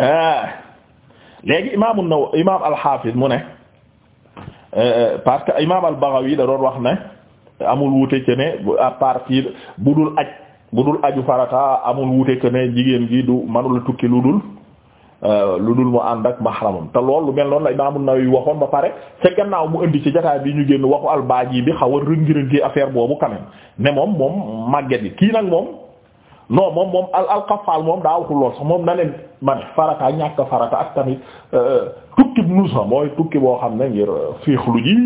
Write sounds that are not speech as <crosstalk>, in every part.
Eh. léegi imaamu na imaam al mu ne eh, parce que imaam al-Baghawi da doon wax ne amul wuute ci partir bu dul aj bu dul aju farata amul wuute ci jigéen gi du manula tukki lu dul eh, lu dul mu ànd ak mahramam te loolu lu mel noon la imaam an-Nawawi waxoon ba pare ca gannaaw mu indi ci jotaay bi ñu génn waxu al-Baaji bi xaw a rëngi-rëngi affaire boobu quand même ne moom moom màgget yi kii nag moom non moom moom al al Qaffal moom daa waxul lool sax moom na leen ma ne farata ñàkk farata ak tamit euh, tukki nusa mooy tukki boo xam ne ngir euh, féexlu ji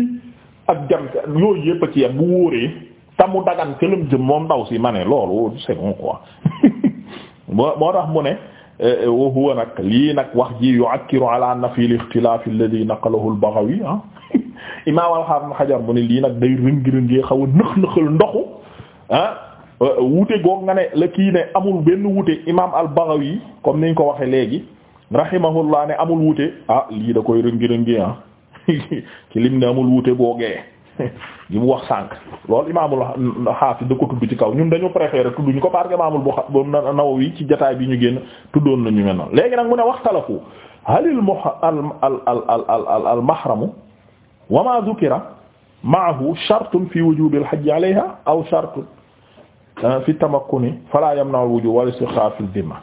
ak jam yooyu yëpp a ci yem bu wóoree te dagan ca jëm moom ndaw si ma ne loolu c'est bon quoi <laughs> moo tax mu ne euh, wa huwa nag lii nag wax ji yu'akkiru ala nafi al-ikhtilaf alladhi naqalahu al-Baghawi ah <laughs> imaam al-Hafiz mu ne lii nag day rëngi-rëngee xaw a nëx-nëxal ndoxu ah Euh, wute goog nga ne la kii ne amul benn wute imaam al-Baghawi comme niñ ko waxee léegi rahimahullah ne amul wute ah lii da koy rëngi-rëngi ah <laughs> ci ne amul wute googee gi <laughs> mu wax sànq loolu imaamul xaafis da ko tudd ci kaw ñun dañu préféré tudd ñu ko parce boo imaamul Buxaari Nawawi ci jataay bi ñu génn tuddoon nañu mel léegi nag mu ne waxtalafu halil mu al al al al mahramu wa ma dhukira ma'ahu shartun fi wujubil hajji alayha aw shartun Ah, fi tamakkuni yam na wujuub wala istikhfaaf fil dhimma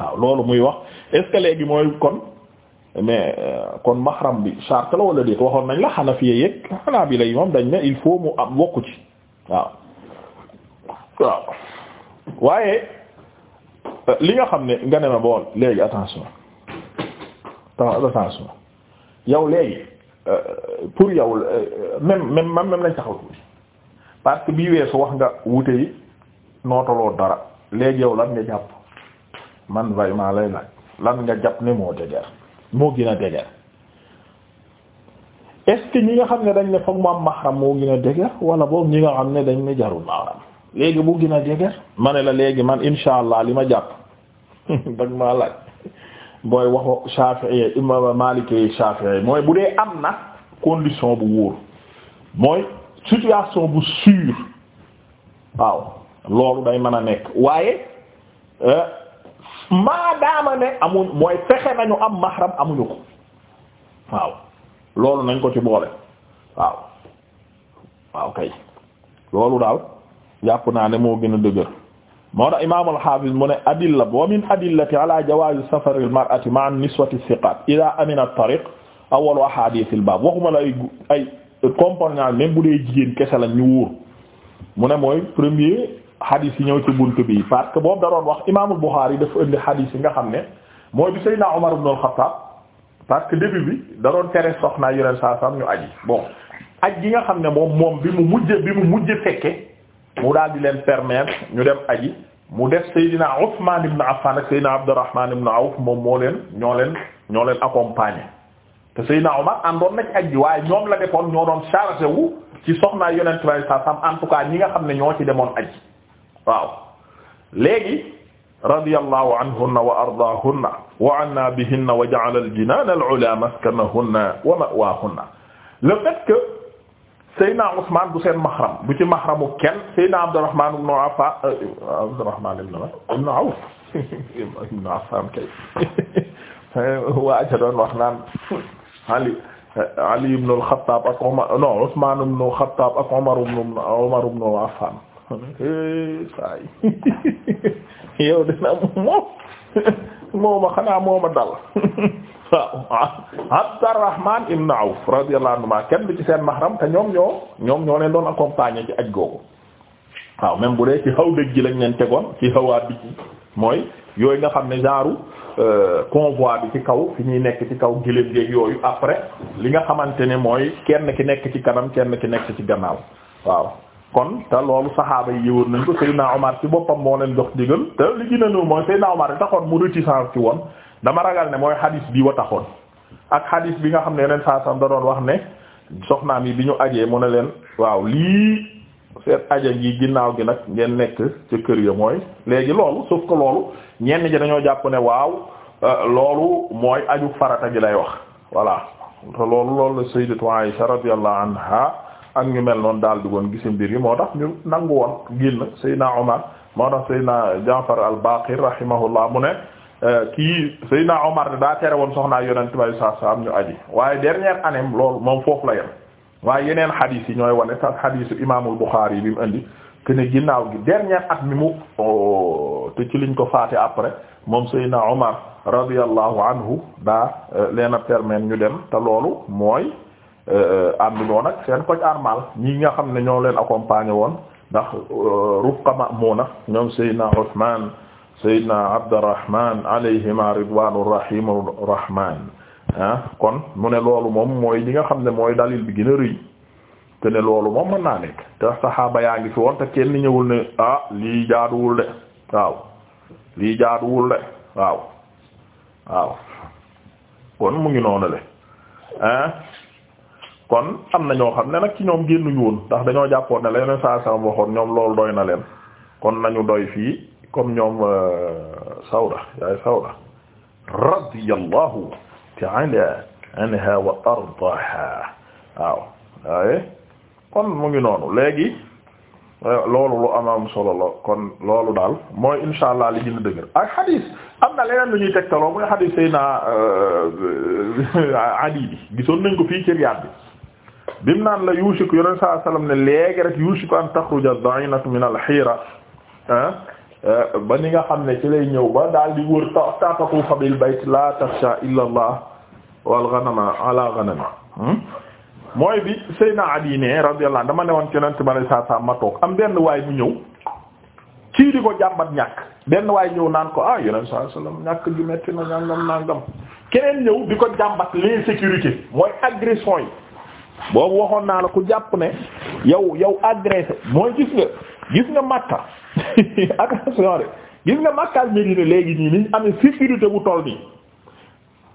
waaw loolu muy wax est léegi mooy kon mais euh, kon mahram bi charte la wala déet waxoon nañ la Hanafiya yeeg Hanaabila yi moom dañ ne il faut mu am bokku ci waaw waaw waaye euh, li nga xam ne nga ne ma bool léegi attention attention yow léegi euh, pour yow même même même lañ taxaw parce que bii weesu wax nga wute yi nootaloo dara léegi yow lan nga jàpp man vraiment lay laaj lan nga jàpp ne moo dëgër moo gën a dëgër est ñi nga xam ne dañ ne foog mu am mahram moo gën a dëgër wala ñi nga xam ne dañ ne jarul mahram léegi bu gina a ma ne la léegi man insha allah li ma jàpp <laughs> dag maa laaj booy waxu Shafi'i imam Maliki Shafi'i mooy bu dee am na condition bu wóor mooy situation bu sûre waaw loolu day mën a nekk waaye euh, maadaama ne amuñ mooy fexe nañu am mahram amuñu ko waaw loolu nañ ko ci boole waaw waaw loolu daal jàpp naa ne moo gën a dëgër moo tax imaam al mu ne adilla wa min adillati ala jawaazi safari al-mar'ati ma'a niswati thiqat ila amina at-tariq awwalu ahadith al-bab waxuma la ay ay compagnon même bu dee jigéen kese la ñu wóor mu ne mooy premier hadis yi ñëw ci buntu bi parce que boobu da doon wax imaamul yi dafa indi hadis yi nga xam ne mooy bi Seydina Omar ibn al parce que début bi da doon tere soxnaa yeneen saa sam ñu aji bon aj gi nga xam ne moom moom bi mu mujj bi mu mujj fekke mu daal leen permettre ñu dem aji mu def Seydina Ousmane ibn Affan ak Seydina Abdurrahman ibn Awf moom moo leen ñoo leen ñoo leen te Seydina Omar àndoon na ci aj ji waaye ñoom la defoon ñoo doon chargé wu ci soxnaa yonent bi sallallahu alayhi wasallam en tout cas ñi nga xam ne ñoo ci demoon aj waaw léegi radiyallahu anhunna wa ardaahunna wa anna bihinna wa ja'ala al-jinaan al-'ulaa maskanahunna wa ma'waahunna le fait que Seydina Ousmane du seen mahram du ci mahramu kenn Seydina Abdurrahman ibn Affan euh, Abdurrahman ibn Awf <laughs> ibn Affan kay <laughs> waa ca doon wax naan Ali eh, Ali ibn al-Khattab ak Omar non Ousmane ibn al-Khattab ak Omar ibn Omar ibn Affan saa <laughs> yi yow dina moom <laughs> mooma xanaa mooma dal <laughs> waaw Abdurrahman ibn Awf radiyallahu anhu kenn du ci seen mahram te ñoom ñoo ñoom ñoo leen doon accompagner ci aj googu waaw même bu dee ci xaw dëgg ji lañ leen tegoon ci xawaat bi mooy yooyu nga xam ne genre euh, convoi bi ci kaw fi ñuy nekk ci kaw gëléem géeg yooyu après li nga xamante ne mooy kenn ki nekk ci kanam kenn ki nekk ci gannaaw waaw kon te loolu saxaaba yi yëwoon nañ ko Seydina Omar ci boppam moo leen jox digal te li gën a ñëw mooy Seydina Omar yi taxoon mu réticence ci woon dama ragal ne mooy hadis bi wa taxoon ak hadis bi nga xam ne yeneen saa sam da doon wax ne soxnaam yi bi ñu ajee mu ne leen waaw lii seet aja gi ginnaaw gi nag ngeen nekk ca kër ya mooy léegi loolu sauf ko loolu ñenn ji dañoo jàpp ne waaw euh, loolu mooy aju farata gi lay wax voilà te loolu loolu la sayyidatu Aisha radiyallahu anha ak ngi mel noonu daal di woon gisi mbir yi moo tax ñu nangu woon génn na Omar moo tax Seydina Jaafar al-Baqir rahimahullah mu ne euh, kii Seydina Omar daa tere woon soxnaa yonent bi sallallahu alayhi wasallam ñu aji waaye dernière année loolu moom foofu la yem waaye yeneen xadiis yi ñooy wane sax xadiisu imaamul Buxaari yi bi mu indi que ne ginnaaw gi dernier at mi mu oh, te ci liñ ko faate après moom Seydina Omar radiyallahu anhu daa euh, leen a permettre ñu dem te loolu mooy euh, ànduloon ak seen koñ armal ñi nga xam ne ñoo leen accompagner woon ndax euh, Rufqa Ma'muna ñoom Seydina Usmaan Seydina Abdurrahmaan alayhima ridwaanur rahiimur rahmaan ah kon mu ne loolu moom mooy li nga xam ne mooy dalil bi gën a rëy te ne loolu moom mën naa nekk te saxaaba yaa ngi fi woon te kenn ñëwul ne ah lii jaaduwul de waaw lii jaaduwul de waaw waaw kon mu ngi noonu le ah kon am na ñoo xam ne nag ci ñoom génnuñu woon ndax dañoo jàppoon ne la yeneen saa saa waxoon ñoom loolu doy na leen kon nañu doy fii comme ñoom euh, Sawda yaay Sawda radiyallahu ta'ala anha wa ardaha waaw waaye eh? kon mu ngi noonu léegi eh, loolu lu am am solo loo kon loolu daal mooy insha allah li gën a dëgër ak xadiis am na leneen lu ñuy tegtaloo mooy xadiis Seydina euh, Adi <laughs> bi gisoon nañ ko fii ci Riyaad bi bim naan la yuusiku yoneen saa sallam ne léegi rek yuusiku an taxruja ad min al-hiira ah, Euh, ba ni nga xam ne ci lay ñëw ba daal di wër ta taataku fabil bayt la taxsha illa allah wal ghanama ala ghanama hmm? mooy bi Seyna Ali ne radiyallahu dama ne woon keneen ma ma toog am benn waay bu ñëw kii di ko jàmbat ñàkk waay ñëw naan ko ah yeneen saa salaam ñàkk gi metti na nangam nangam keneen ñëw di ko jàmbat l'insécurité mooy agression yi boobu waxoon naa la ku jàpp ne yow yow agressé mooy gis nga gis nga Makka. attention <laughs> de gis nga Makka Medina léegi nii niñ amee sécurité bu toll nii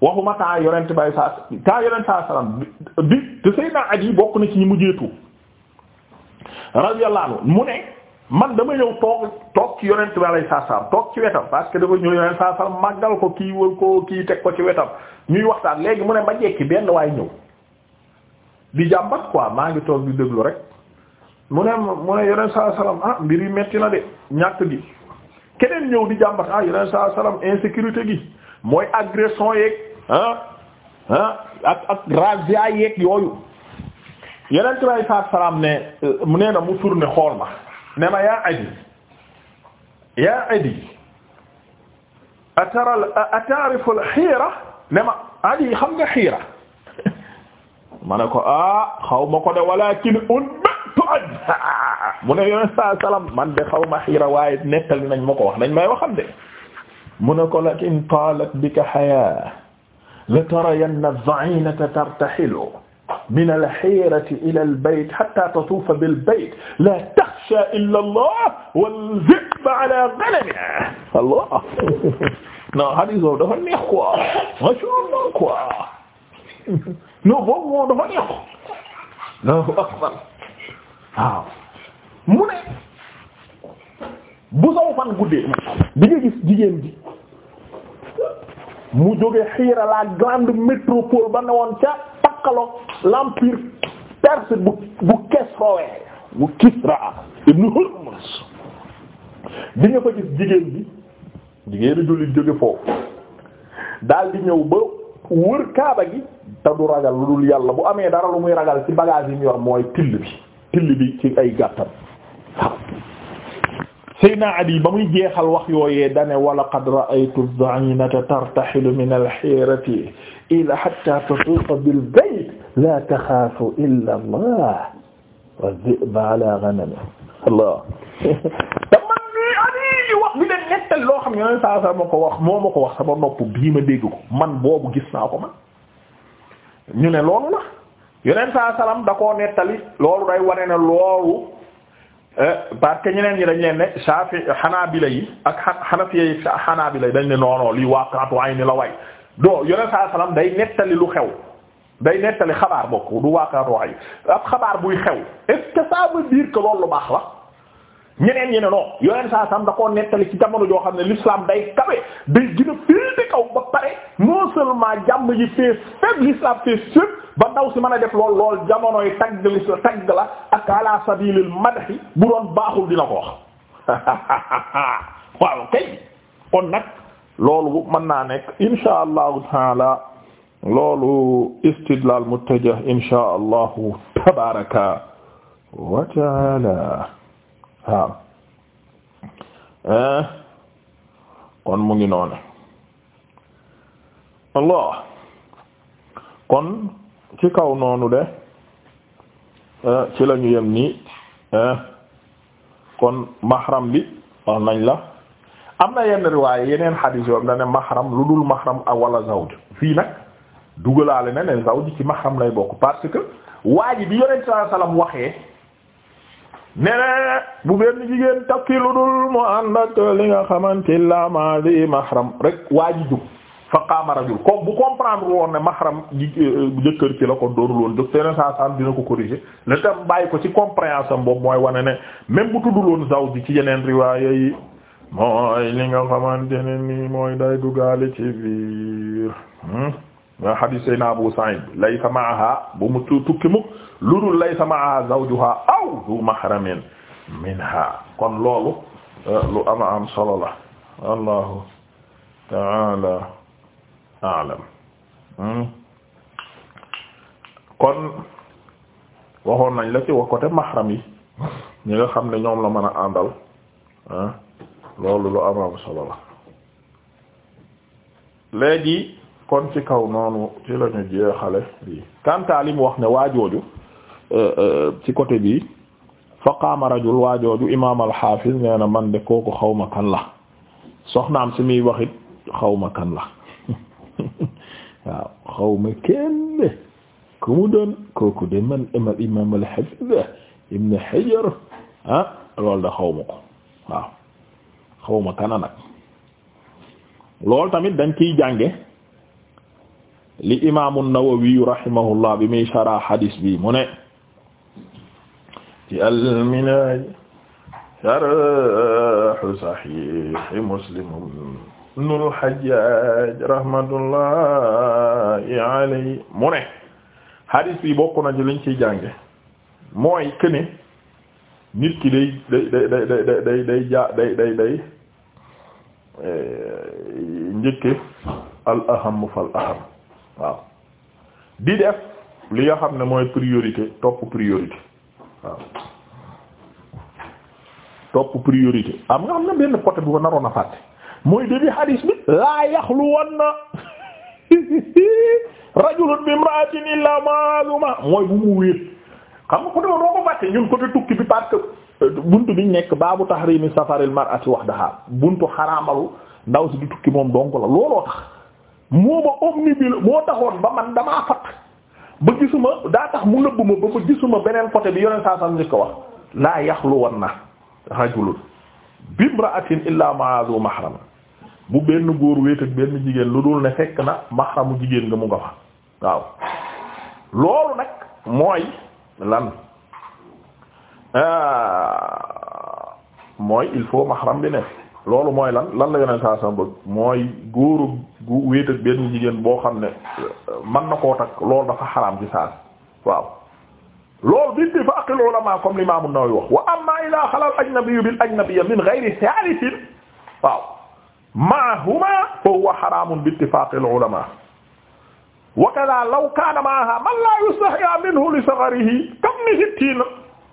waxuma temps yonent bay saa temps yonent saa salaam bi te Seydina Ali bokk na ci ñu ñi mujjeetu radiyallahu anhu mu ne man dama ñëw toog toog ci yonent bi alayhi salaam toog ci wetam parce que dafa ñëw yonent saa salaam màggal ko kii wër ko kii teg ko ci wetam ñuy waxtaan léegi mu ne ba jekki benn waay ñëw di jàmbat quoi maa ngi toog di déglu rek mu ne mu ne yeneen saa salaam ah mbir yi metti na de ñàkk gi keneen ñëw di jàmbat ah yeneen saa salaam insécurité gi mooy agression yeeg ah ah ak ak razzia yeeg yooyu yeneen tubaab saa salaam ne euh, mu nee na mu tourné xool ma ne ma yaa adi yaa adi atara ataarifu al xiira ne ma adi xam nga xiira <laughs> ma ne ko ah xaw ma ko de walakin un. toj mu ne yoneen saa salaam man de xaw ma xiira waaye nettali nañ ma ko wax nañ may waxam de mu ne ko la in taalat bika xayaa la tarayanna zainata tartaxilu min alxiirati ila albayt xatta tatuufa bilbayt la taxsha illa allah walzib ala ganami allah non hadis boobu dafa neex quoi macha allah quoi non boobu moom dafa neex Allahu akbar waaw mu ne bu saw fan guddee bi gis jigéen bi mu jóge xiira la grande métropole ba ne woon ca takkaloog l'empire perse bu bu Kesrowe bu Kisra ibn Hurmuz bi nga fa gis jigéen bi jigéenu jullit jóge foofu daal ñëw ba wër kaaba gi te du ragal lu dul yàlla bu amee dara lu muy ragal ci bagage yi ñu yor mooy till bi till bi ci ay gàttal waaw Seydina Adi ba muy jeexal wax yooyee dane wala qad ra'aytu az-za'inata tartahilu min al-hirati ila hatta tatufa bil bayt la taxaafu illa Allah wa dhi'ba Allah te man saa saa ma wax moo ma wax sama nopp bii ma dégg man boobu gis naa ko man ñu ne loolu la yeneen saa salaam da koo nettali loolu day wane ne loolu eh, parce que ñeneen ñi dañ leen ne Shafi Hanabila yi ak Hanafiya yi Hanabila yi dañ ne noono lii waaqatu ayni la way do yeneen saa salaam day nettali lu xew day nettali xabaar bokk du waaqatu ayni ab xabaar buy xew est-ce que ça loolu lu baax la ñeneen ñi ne non yoneen saa sam da koo ci jamono joo xam ne l'islam day kawe day gën a féete kaw ba pare non seulement ji fees fépp l'islam fees fépp ba si mën def lool lool jamonoy tagg l'islam tagg la ak ala sabilil madahi bu doon baaxul dina ko <laughs> waaw kay kon nag loolu mën naa nekk insha allahu taala loolu istidlal muttajah insha allahu tabaraka wa taala waaw eh, kon mu ngi noonu Allah kon ci kaw noonu de eh, ci la ñu yem nii eh. kon mahram bi wax nañ la am na yenn riwaaye yeneen xadiis yoo am na ne mahram lu dul mahram ak wala zawj fii nag dugalaale na ne zawj ci mahram lay bokk parce que waa ji bi yonent sallallahu alayhi nene bu benn jigéen takki lu dul mu ànd li nga xamante laa ma di mahram rek waa ji jóg fa qaama rajul comme bu comprendre woon ne mahram euh, jëkkër ci la ko dóoru loon jóg teeneen saa san dina ko corriger le tam bàyyi ko ci compréhension boobu mooy wane ne même bu tuddul woon zawj ci yeneen riwaaya yi mooy li nga xamante ne nii mooy day duggaale ci biir nga hmm? hadis Seydina Abu Sa'id laysa ma'aha bu mu tukki mukk lu dul ma ma'a zawjuha aw du mahramin minha kon loolu euh, lu ama am solo la wallahu ta'ala a'lam hmm? kon waxoon nañ la ci wa mahram yi ñi nga xam ne ñoom la mën a àndal loolu lu ama am solo la léegi kon ci kaw noonu ci lañu jeexale lii kantaa li mu wax ne waajooju ci côté bi fa qaama rajul waajooju imaam al-Hafiz man de kooku xawma kan la soxnaam si muy waxit xawma kan la <laughs> waaw xawma kenn ku mu doon kooku de man imaam imaam ibn Hajar ah loolu da xawma ko waaw xawma kana nag loolu tamit dañ ciy jànge li imaamu Nawawi rahimahullah bi muy sarah hadis bi mu ne ci alminaaj sharhu sahihi muslim ibnul hajjaj rahmatullahi alayhi mu ne hadis bi bokk na ci liñ ciy jànge mooy këne nit ki day day day day day day day ja day day day eh, al aham waaw di def li nga xam ne mooy priorité topp priorité waaw topp priorité am nga xam na benn côté bu ko naroon a fàtte mooy début hadis bi laa yaxluwanna <laughs> rajulun bi imra'atin illa ma'azuma mooy bu mu wéet xam nga côté boobu doo ko fàtte ñun côté tukki bi parce que euh, buntu nekk baabu tahrimi safaril mar'ati wahdaha buntu xaraamalu ndaw si di tukki moom donc la looloo tax moo ma omnibile moo taxoon ba man damaa fàtt ba gisuma daa tax mu nëbb ma ba gisuma beneen côté bi yoneen saa sam ko wax laa yaxlu wan na rajulun bimra'atin illa ma'azu mahram bu benn góor wéet benn jigéen lu dul ne fekk na mahramu jigéen nga mu nga fa waaw loolu nag mooy lan euh, mooy il faut mahram bi nekk loolu mooy lan lan la yeneen saa saa bëgg mooy góoru gu wéet ak benn jigéen boo xam ne man na koo takk loolu dafa xaraam ci saa waaw loolu bi ittifaaqil ulamaa comme l'imam an-Nawawi wax wa amma ila xala al ajnabiyyu bil ajnabiyyi min ghayri thalithin waaw ma'ahumaa fa huwa xaraamun bi ittifaaqil ulamaa wa kadhaa law kaana ma'ahaa man laa yustahyaa minhu li sagharihi kam ni sittiina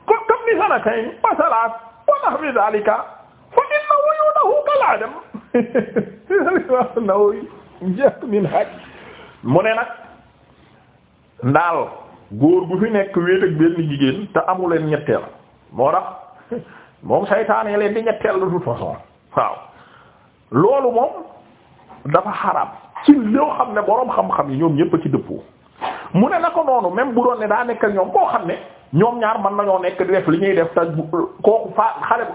kam ni sanatayn wa thalaathin wa nahwi dhaalika annahu mu ne nag ndaal góor bu fi nekk wéet ak benn jigéen te amuleen ñetteel moo tax moom saytaane leen di ñetteel de toute façon waaw loolu moom dafa xaraam ci loo xam ne boroom xam-xam yi ñoom ñépp a ci dëppoo mu ne na ko noonu même bu doon ne daa nekk ñoom koo xam ne ñoom ñaar man nañoo nekk di def li ñuy def te kooku fa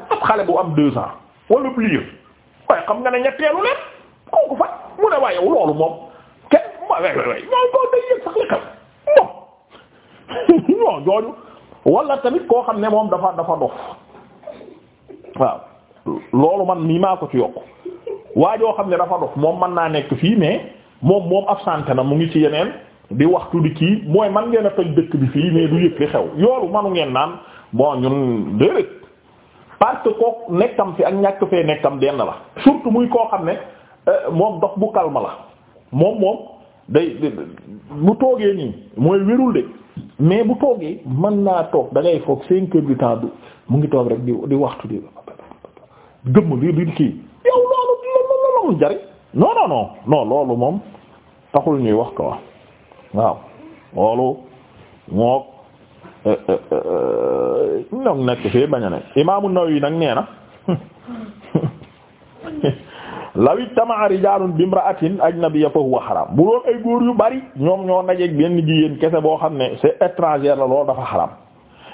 bu xale bu am deux ans wala liir waaye xam nga ne ñetteelu leen kooku fa mu ne waaye loolu moom kenn waaw waaw waaw ñoom ñoo jooju wala tamit koo xam ne moom dafa dafa dof waaw loolu man nii maa ko ci yokk waa joo xam ne dafa dof moom mën naa nekk fii mais moom moom absenté na mu ngi ci yeneen di waxtu di kii mooy man ngeen a toj dëkk bi fii mais du yëg xew yoolu manu ngeen naan bon ñun déedéet. parce que kooku nekkam fi ak ñàkk fee nekkam denn la surtout muy koo xam ne euh, moom dox bu kalma la moom moom day bu toogee nii mooy wérul de mais bu toogee mën naa toog da ngay foog cinq heures du temps du mu ngi toog rek di di waxtu di gëmm di di kii yow loolu la la la jari non non non loolu moom taxul ñuy wax ko waaw loolu mook euh, euh, ñoom nekk fee bañ a nekk imaamu yi nag nee na lawit tamaa rijaalun bimra'atin ajnabiyya fa huwa xaram bu doon ay góor yu bari ñoom ñoo najeeg benn jigéen kese boo xam ne c'est étranger la loolu dafa xaram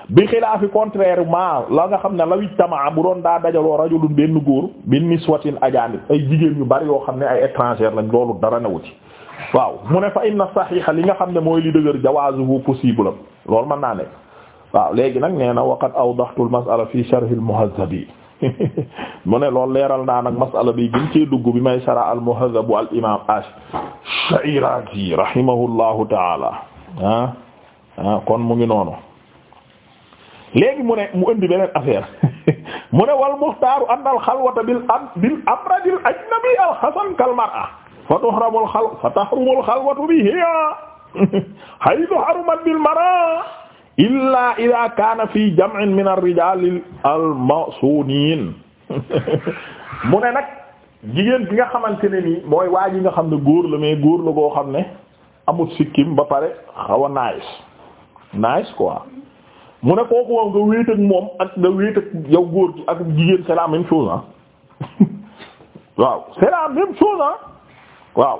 bi xilaafi contrairement la nga xam ne lawit tamaa bu doon daa dajaloo rajulun benn góor bi niswatin ajaanib ay jigéen yu bari yoo xam ne ay étranger lañ loolu dara newu ci waaw mu ne fa inna saxiixa li nga xam ne mooy li dëgër jawaazuhu mën naa nekk waaw léegi nag nee na waqad awdaxtu al masala fi sharh al muhazzabi <laughs> mu ne loolu leeral naa nag masala bi gën cee dugg bi may shara al muhazzab al imam ash-Shirazi rahimahullahu taala ah, ah, kon mu ngi noonu léegi mu ne mu indi beneen affaire <laughs> mu ne wal muxtaaru an al xalwata bil am bil amradil ajnabi al xasan kal mar'a fa al xal fa tahrumu al xalwatu bihi <laughs> haythu harumat mar'a illa ida kaana fi jam'in min ar-rijaal al-masuuniin <laughs> mu ne nag jigéen bi nga xamante ne nii mooy waa yi nga xam ne góor la mais góor la goo xam ne amut sikkim ba pare xaw a nice nice quoi mu ne kooku moom nga wéet ak moom ak nga wéet ak yow góor ak jigéen c'est la même chose <laughs> waaw c'est la même chose waaw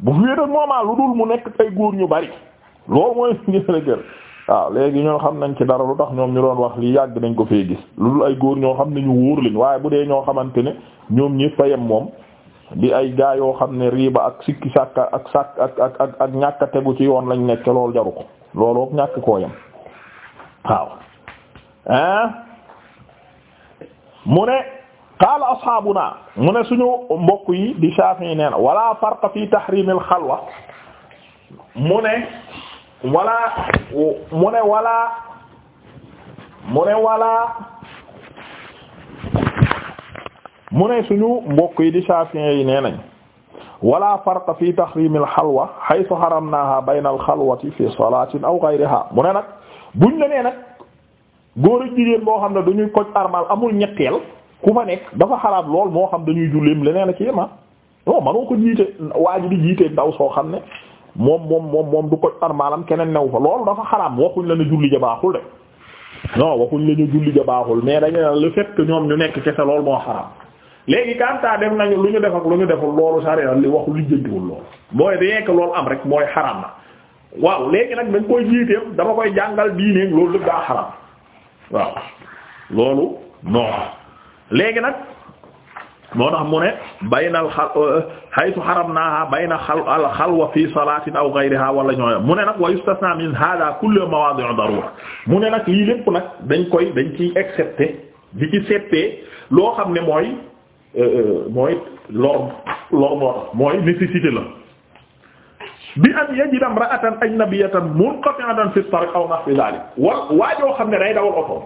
bu wéet ak moom lu dul mu nekk ay góor ñu bari loolu mooy ngeen <laughs> a waaw léegi ñoo xam nañ ci dara lu tax ñoom ñu doon wax lii yàgg nañ ko fee gis loolu ay góor ñoo xam ne ñu wóor lañ waaye bu dee ñoo xamante ne ñoom ñi fayam moom di ay gaa yoo xam ne riiba ak sikki sàkka ak sàkk ak ak ak ñàkk tegu ci yoon lañ nekk loolu jaru ko loolu ñàkk koo yem waaw ah mu ne qaala ashaabuna mu ne suñu mbokk yi di Shafi'i nee na wala farqa fi tahrimil xalwa mu ne wala mu ne wala mu ne wala mu ne suñu mbokk yi di Shafi'i yi nee nañ wala farqa fi tahrim al halwa haythu haramnaha bayna al khalwati fi salatin aw ghayriha mu ne nag buñ la nag góor ak jigéen boo xam ne dañuy koj armal amul ñetteel ku fa nekk dafa xalaat lool moo xam dañuy julleem leneen a ci yema ah. non manoo ko jiite waa jiite ndaw soo xam ne moom moom moom moom du ko armaalam keneen new fa loolu dafa xaraam waxuñ la ne julli ja baaxul de non waxuñ la ñu julli ja baaxul mais dañu ne le ñoom ñu nekk kese loolu moo xaraam léegi kantaa def nañu lu ñu def ak lu ñu deful loolu sariya li waxu li jëndiwul loolu mooy rien que loolu am rek mooy xaraam na waaw léegi nag dañ koy jiiteem dama koy jàngal diineem loolu lépp daa xaraam waaw loolu non léegi nag moo tax mu ne bayna al xal haytu haramnaha bayna al xalwa fi salatin aw ghayriha wala ñooy mu ne nag wa yustasna min hada kullu mawadi'u darura mu ne nag lii lépp nag dañ koy dañ ciy excepté di ci settee loo xam ne mooy euh, euh, mooy lor lor moo tax mooy nécessité la bi an yajida imra'atan ajnabiyatan munqati'atan fi tariq aw nahwi dhalik wa waa joo xam ne day dawal oto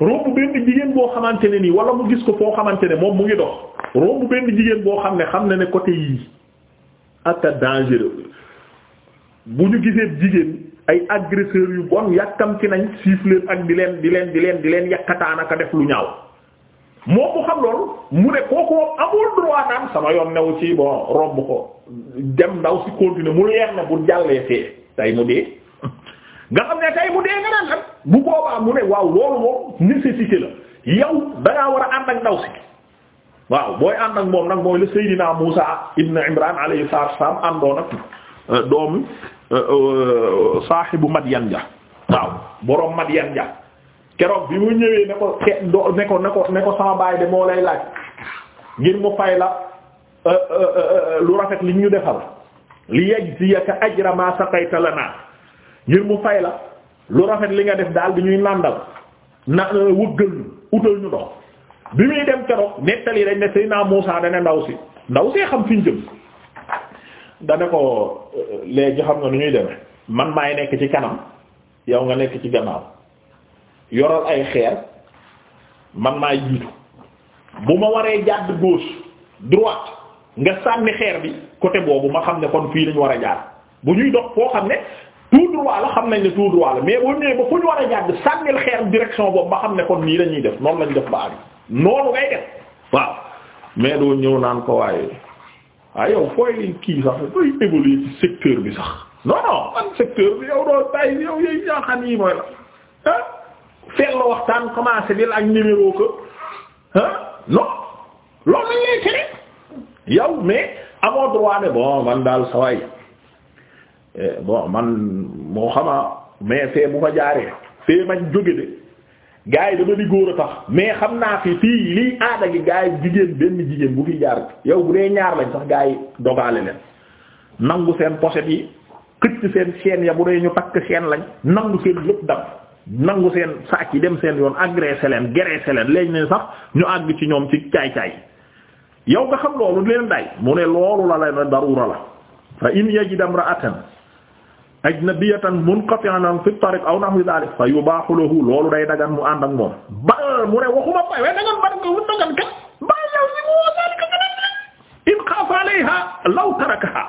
romb benn jigéen boo xamante ne nii wala mu gis ko foo xamante ne moom mu ngi dox romb benn jigéen boo xam ne xam na ne côté yii ak a bu ñu gisee jigéen ay agresseurs yu bon yàkkam ci nañ siffler ak di leen di leen di leen di leen yàkkataan ak a def lu ñaaw moom mu xam loolu mu ne kooku amul droit naan sama yoon new ci bon romb ko dem ndaw si continuer mu leer na bu jàllee fee tey mu dee. nga xam ne tey mu dee nga naan bu boobaa mu ne waaw loolu moom nécessité la yow da ngaa war a ànd ak ndaw si waaw booy ànd ak moom nag mooy la Seydina Musa ibn Imran alayhi salaam àndoon ak euh, doomu euh, euh, saahibu Madyan ja waaw borom Madyan ja keroog bi mu ñëwee ne ko ne ko ne ko sama baay de moo lay laaj ngir mu fay la lu rafet li ñu defal li yajziyaka ajra ma saqayta lana ngir mu fay la lu rafet li nga def daal di ñuy nàndal na euh, wëggal ñu utal ñu dox bi muy dem keroog nettali dañ ne Seydina Muusaa dane ndaw si ndaw see xam fi ñu jëm dane ko euh, léegi xam nga nu ñuy dem man maay nekk ci kanam yow nga nekk ci gannaaw yoral ay xeer man maay jiitu bu ma waree jàdd gauche droite nga sànni xeer bi côté boobu ma xam ne kon fii lañu war a jaar bu ñuy dox foo xam ne tout droit la xam nañ ne tout droit la mais boo ñëwee ba fu ñu war a jàdd sànnil xeer direction boobu ba xam ne kon nii lañuy def noonu lañu def ba àgg noonu ngay def waaw mais doo ñëw naan ko waaye waaye ah yow fooy kii sax doy évoluer ci secteur bi sax non non secteur bi yow doo tay yow yoy jaaxan yi mooy la ah feel la waxtaan commencé di laaj numéro que ah non loolu lañ lay tere yow mais amoo droit ne bon man daal sa Eh, bon man moo xama mais fee bu fa jaaree fee mañ jóge de gars yi di góor a tax mais xam naa fi fii liy aada gi gars yi jigéen benn jigéen bu fi jaar yow bu dee ñaar lañ sax gars yi dogaale leen nangu seen pochette yi xëcc seen chaîne ya bu dee ñu takk seen lañ nangu seen lépp dam nangu seen sac yi dem seen yoon agressé leen geressé leen léegi ne sax ñu àgg ci ñoom ci caay-caay yow nga xam loolu leen day mu ne loolu la leen darura la fa in yajid imra'atan ajnabiyatan munqati'an fi tariq aw nahwi dhalik fa yubaahu lahu loolu day dagan mu ànd ak moom bal mu ne waxuma bay way dagan ban ko dagan kat bal law si mu woo daalika dagan in xaafa alayha law tarakaha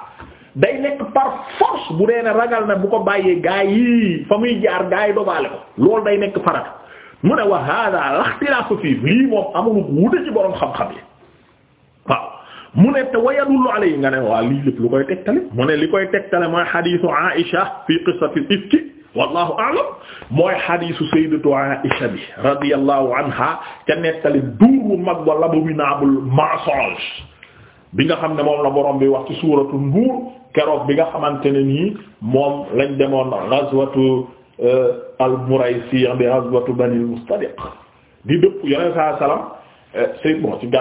day nekk par force bu dee ne ragal na bu ko bàyyee gaa yi fa muy jaar gaa yi dobaale ko loolu day nekk farat mu ne wa hada al-ikhtilaaf fii lii moom amul wute ci borom xam-xam yi mu ne te wa yadullu alayhi nga ne waa lii koy tegtale mu ne li koy tegtale mooy xadiisu Aïcha fi qissati al-ifki wallahu a'lam mooy xadiisu sayyidatu Aïcha bi radiyallahu anha ca nettali duuru mag wala abominable mensonge bi nga xam ne moom la borom bi wax ci suuratu Nuur keroog bi nga xamante ne nii moom lañ demoon ghazwatu euh, al-Muraysi bi ghazwatu Bani Mustaliq di dëpp yeneen saa salaam say bon ci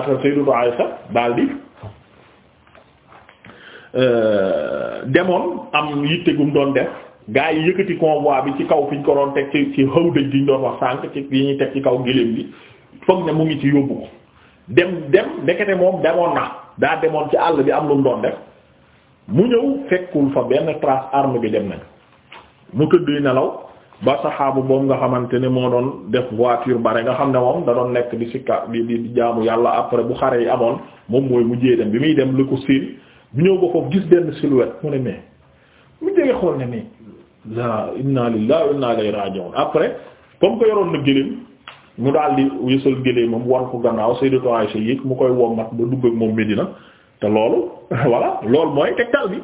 Euh, demoon am yitte gum doon def gaa yi yëkkati convoi bi ci kaw fi ñu ko doon teg ci ci xaw dëj gi ñu doon wax sànq ci yi ñuy teg ci kaw giléem bi foog ne mu ngi ci yóbbu ko dem dem ndekete moom demoon na daa demoon ci àll bi am lu mu doon def mu ñëw fekkul fa benn trace arme bi dem nañ mu tëdd nelaw ba saxaabu boobu nga xamante ne moo doon def voiture bare nga xam ne moom da doon nekk di sikka di di jaamu yàlla après bu xare yi amoon moom mooy mujjee dem bi muy dem lu ko bu ñëw ba foofu gis benn silhouette mu ne mais mu jege xool ne mais la inna lillahi wa inna ilayhi raji'un après comme que yoroon na gëléem mu daal di wésal gëléemam war ko gannaaw Sayyidatu Aisha yëg mu koy wommat ba dugg ak moom Medina te loolu <laughs> voilà loolu mooy tegtal bi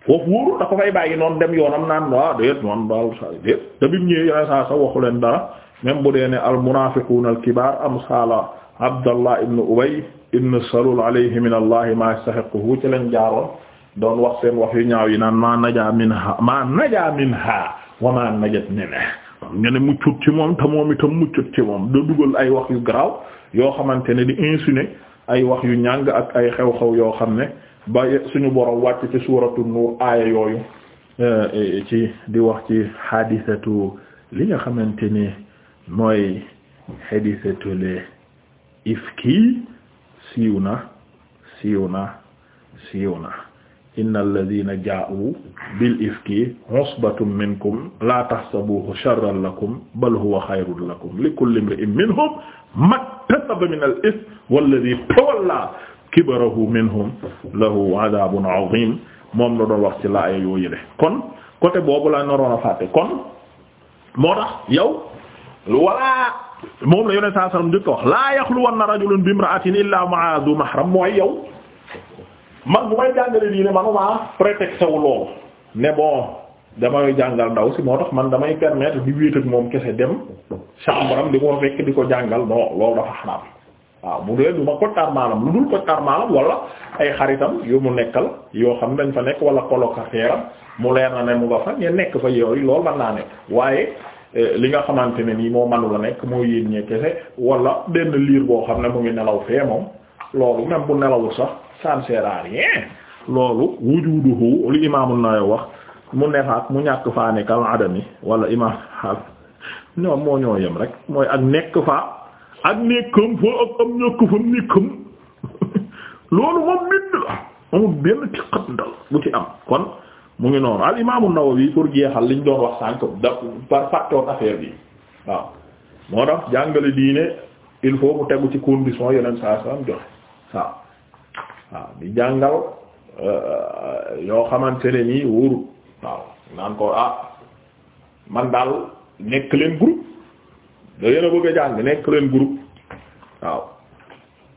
foofu wóoru da ko fay bàyyi noonu dem yoonam naan waaw déet man daal déet te bi saa sax waxu leen dara. même bu dee ne al munaafiquun al kibaar am saala Abdallah ibn Ubay ibn Salul alayhi min allahi ma yastahiquhu ci lañ jaaroon doon wax seen wax yu ñaaw yi naan maa najaa minha maa najaa minha wa maa najat minha ñu ne muccut ci moom te moom itam muccut ci moom da dugal ay wax yu garaaw yoo xamante ne di insinuer ay wax yu ñàng ak ay xew-xew yoo xam ne ba suñu borom wàcc ci suuratu nuur aaya yooyu eh, eh, ci di wax ci xaadisatu li nga xamante ni mooy hadiisatul ifki siiw na siiw na siiw na inna alladhina jaa'u bil ifki usbatun minkum la tahsabuhu sharran lakum bal huwa khayrun lakum likulli imri'in minhum maktasaba min al ithmi walladhi tawalla kibrahu minhum lahu adhabun 'azim moom la doon wax ci laaya yoo yële kon côté boobu la naroon a fàtte kon moo tax yow wala moom la yonent saa sallam njëkk wax laa yaxluwanna rajulun bimra'atin illa ma'a du mahram mooy yow man bu may jàngale diine manuma prétexte wu loolu ne bon damay jàngal ndaw si moo tax man damay permettre di wéet moom kese dem chambre am di ko fekk di ko jàngal non loolu dafa xaraam waaw bu dee du ma kottar maalam lu dul kottar maalam wala ay xaritam yu mu nekkal yoo xam dañ fa nekk wala colocataire am mu leer na ne mu nga fa ngeen nekk fa Eh, li nga xamante ne nii moo manu la nekk moo yéen ñee kese wala benn liir boo xam ne mu ngi nelaw fee moom loolu même bu nelawul sax ça ne sert à rien loolu wujuduhu li imaamu Nawawi wax mu nefaat mu ñàkk faa ne kal wala imaam xaal ñoom moo ñoo yem faa ak am ñàkk fa nekkam <laughs> loolu moom bind la amul benn tiqat ndal bu ci am kon mu ngi noonu al imaamu Nawawi pour jeexal liñ doon wax sànq da par fàttewoon affaire bi waaw moo tax jàngale diine il faut mu tegu ci condition yeneen saa saa am joxe waaw waaw jàngal euh, yoo xamante ne nii wóorul waaw naan ko ah man daal nekk leen groupe da yéen bëgg a jàng nekk leen groupe waaw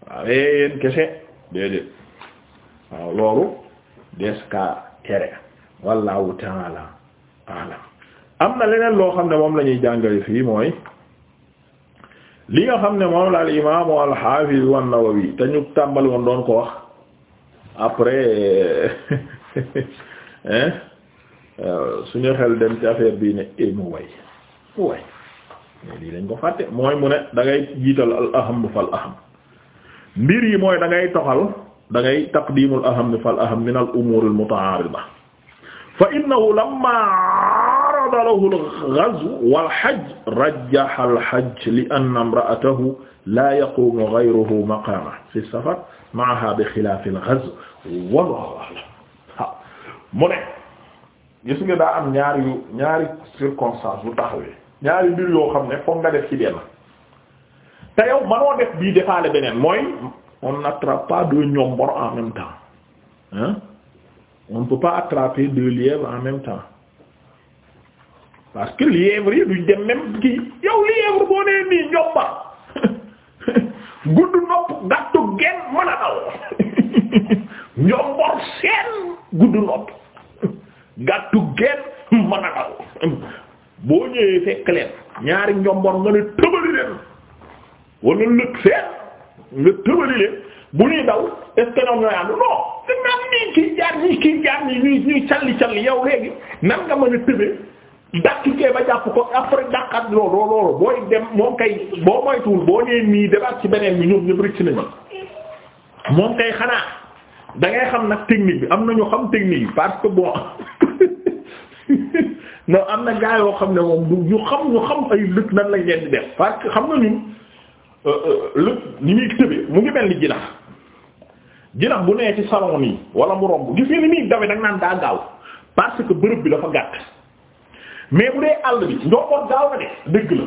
waaw eh, yéen kese déedéet waaw loolu des ka tere wallahu taala alam am na leneen loo xam ne moom lañuy jàngale fii mooy li nga xam ne moom la al imaamu al xaafiz an-Nawawi te ñu tàmbali woon doon ko wax après <laughs> euh, suñu xel dem ci affaire bii ne eh, mu way mu way mais lii lañ ko mu ne da jiital al aham fal aham mbir yi mooy dangay toxal dangay ngay taqdimul aham fal aham min al umur al muta'arida fa innahu lamma arada lahu al-ghazwu wal-hajj rajjaha al-hajj li anna imra'atahu laa yaqumu ghayruhu maqaamahu fi safar ma'aha bi xilaafi al-ghazw wallaahu a'lam waaw mu ne gis nga daa am ñaari yu ñaari circonstance bu taxawee ñaari mbir yoo xam ne foog nga def ci benn te yow manoo def bii defaale beneen mooy on n'attrape pas deux ñombor en même temps hein on ne peut pas attraper deux lièvres en même temps parce que lièvre yi duñ dem même kii yow lièvre boo nee nii njomba <laughs> gudd nopp gàttu genn mën a daw <laughs> njombor seen gudd nopp <laughs> gàttu genn mën a daw boo ñëwee fekk leen ñaari njombor nga ne tëbali leen wala lëg bu ñuy daw est ce que ñoom ñooy ànd non te naan nii kii jaar nii kii jaar nii ñuy ñuy calli calli yow léegi nan nga mën a tëbee dàq kee ba jàpp ko après dàqaat loolu loolu booy dem moom kay boo moytuwul boo nee nii demaat ci beneen bi ñoom ci rëcc nañu moom kay xanaa da xam nag technique bi am na ñu xam technique bi parce que bon <laughs> non am na gaa yoo xam ne moom du ñu xam ñu xam ay lëkk nan lañ leen dem parce que xam nga ñun euh, euh, lëkk ni muy tëbee mu ngi mel ni jinax. jinax bu nee ci salon yi wala mu romb gis nga ni muy dawee da nga naan daa gaaw parce que bërëb bi dafa gàtt mais bu dee àll bi njookoon gaaw na de dëgg la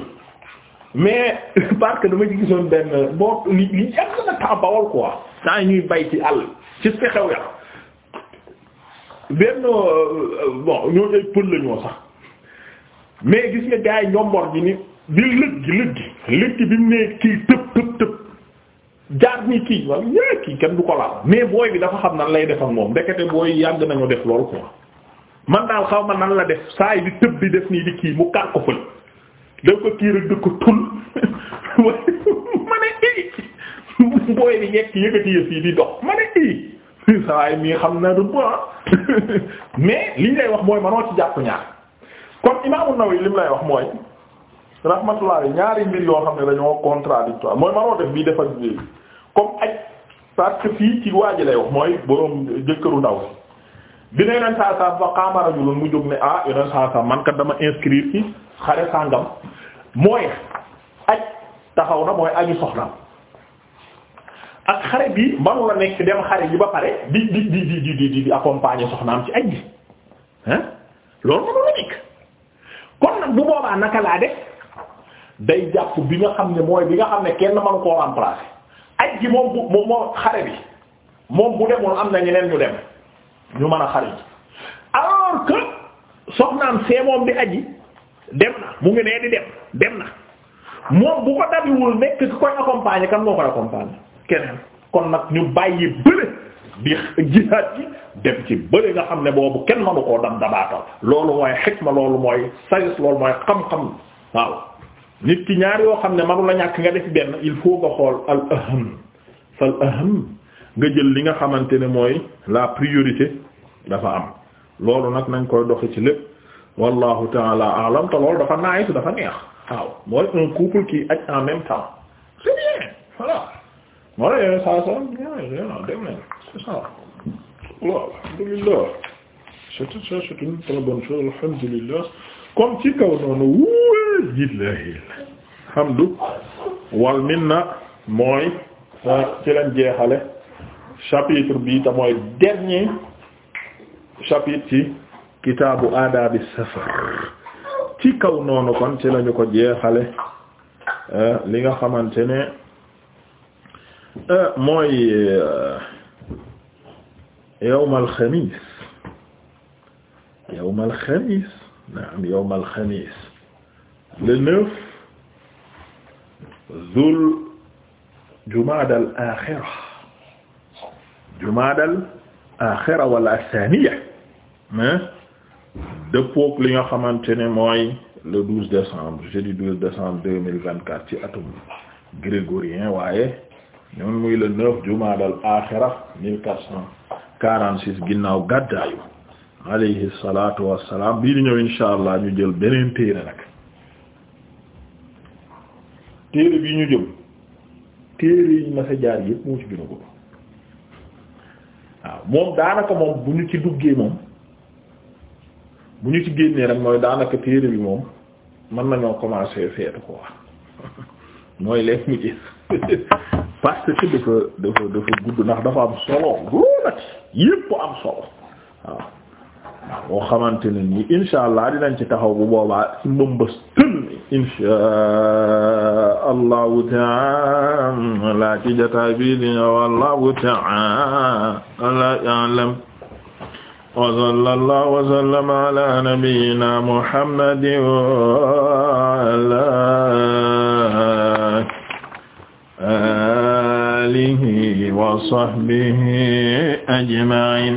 mais <laughs> parce que dama ci gisoon benn boo li li yàgg na temps bawal quoi temps ñuy bay ci xew ya benn euh, bon ñoo pël la sax mais gis nga gars yi ñombor ni bi lëg gi lëg gi lëg bi mu nee kii jaar ni kii wala yee kii kenn bu ko laal mais booy bi dafa xam nan lay def ak moom ndekete booy yàgg nañu def loolu quoi man daal xaw ma nan la def saa yi di tëb di def nii di kii mu kar ko fël da ko kii rek da tul <laughs> ma ne ii <laughs> booy di dox ma ne ii <laughs> mii xam na du baax mais liñ lay wax mooy manoo ci jàpp ñaar kon Imam An-Nawawi lim lay wax mooy rahmatullah ñaari mbir yoo xam ne dañoo contradictoire mooy manoo def bii def ak comme aj parce que fii ci waa ji lay wax mooy boroom jëkkëru ndaw bi ne yeneen saa saa fa qaama rajulun mu jóg ne ah yeneen saa saa man kat dama inscrire ci xare sàngam mooy aj taxaw na mooy aju soxnaam ak xare bi manu la nekk dem xare bi ba pare di di di di di di accompagner soxnaam ci aj gi hein loolu manu la nekk kon nag bu boobaa naka laa def day jàpp bi nga xam ne mooy bi nga xam ne kenn manu koo remplacer aj gi moom bu moom xare bi moom bu demul am na ñeneen ñu dem ñu mën a xare ji que soxnaam see moom di aji dem na mu ngi nee di dem dem na moom bu ko dabiwul nekk ki koy accompagner kan moo kon nag ñu bàyyi bële di jihaat ji dem ci bële nga xam ne boobu kenn manu koo dam dabaatal loolu mooy xikma loolu mooy sagesse loolu mooy xam-xam waaw nit ki ñaar yoo xam ne manu la ñàkk nga def benn il faut nga xool al aham fal aham nga jël li nga xamante ne mooy la priorité dafa am loolu nag nañ koy doxe ci lépp wallahu taala alam te loolu dafa naayis dafa neex waaw mooy un couple qui act en même temps c'est moo la saa son dem leen alhamdulillah c'est une très bonne alhamdulillah comme ci kaw noonu wuuy lillahi alhamdu wal minna mooy euh, ci lañ jeexale chapitre bi te mooy dernier chapitre ci kitaabu aadaabi safar ci kaw noonu kon ci lañu ko jeexale euh, li nga xamante ne euh, mooy yawmal xamiis yawmal xamiis naam yawm al xamiis le neuf zul jumaadal axira jumaadal axira wala asaaniya mais dëppook li nga xamante ne mooy le douze décembre jeudi douze décembre deux mille vingt quatre ci atum grégorien waaye ñoom muy le neuf jumaadal axira mille quatre cent quarante six ginnaaw gàddaayu. alayhi salatu salaam bii di ñëw insha allah ñu jël beneen téere nag téere bi ñu jëm téere yi ma sa jaar yépp moo ci gën a gudd waaw moom bu ñu ci duggee moom bu ñu ci génnee rek mooy daanaka téere bi moom mën nañoo commencer feetu ko wax <laughs> mooy lekk mu ci <laughs> parce que dafa dafa dafa gudd ndax dafa am solo loolati yépp am solo waaw moo xamante ne nii insha allah dinañ ci taxaw bu boobaa ci mbëmbës tënni insha allahu taala ci jotaay bii di ñëw wallahu taala a'lam wa sallallahu wa sallama ala nabiyyina muhammadin wa ala alihi wa sahbihi ajma'in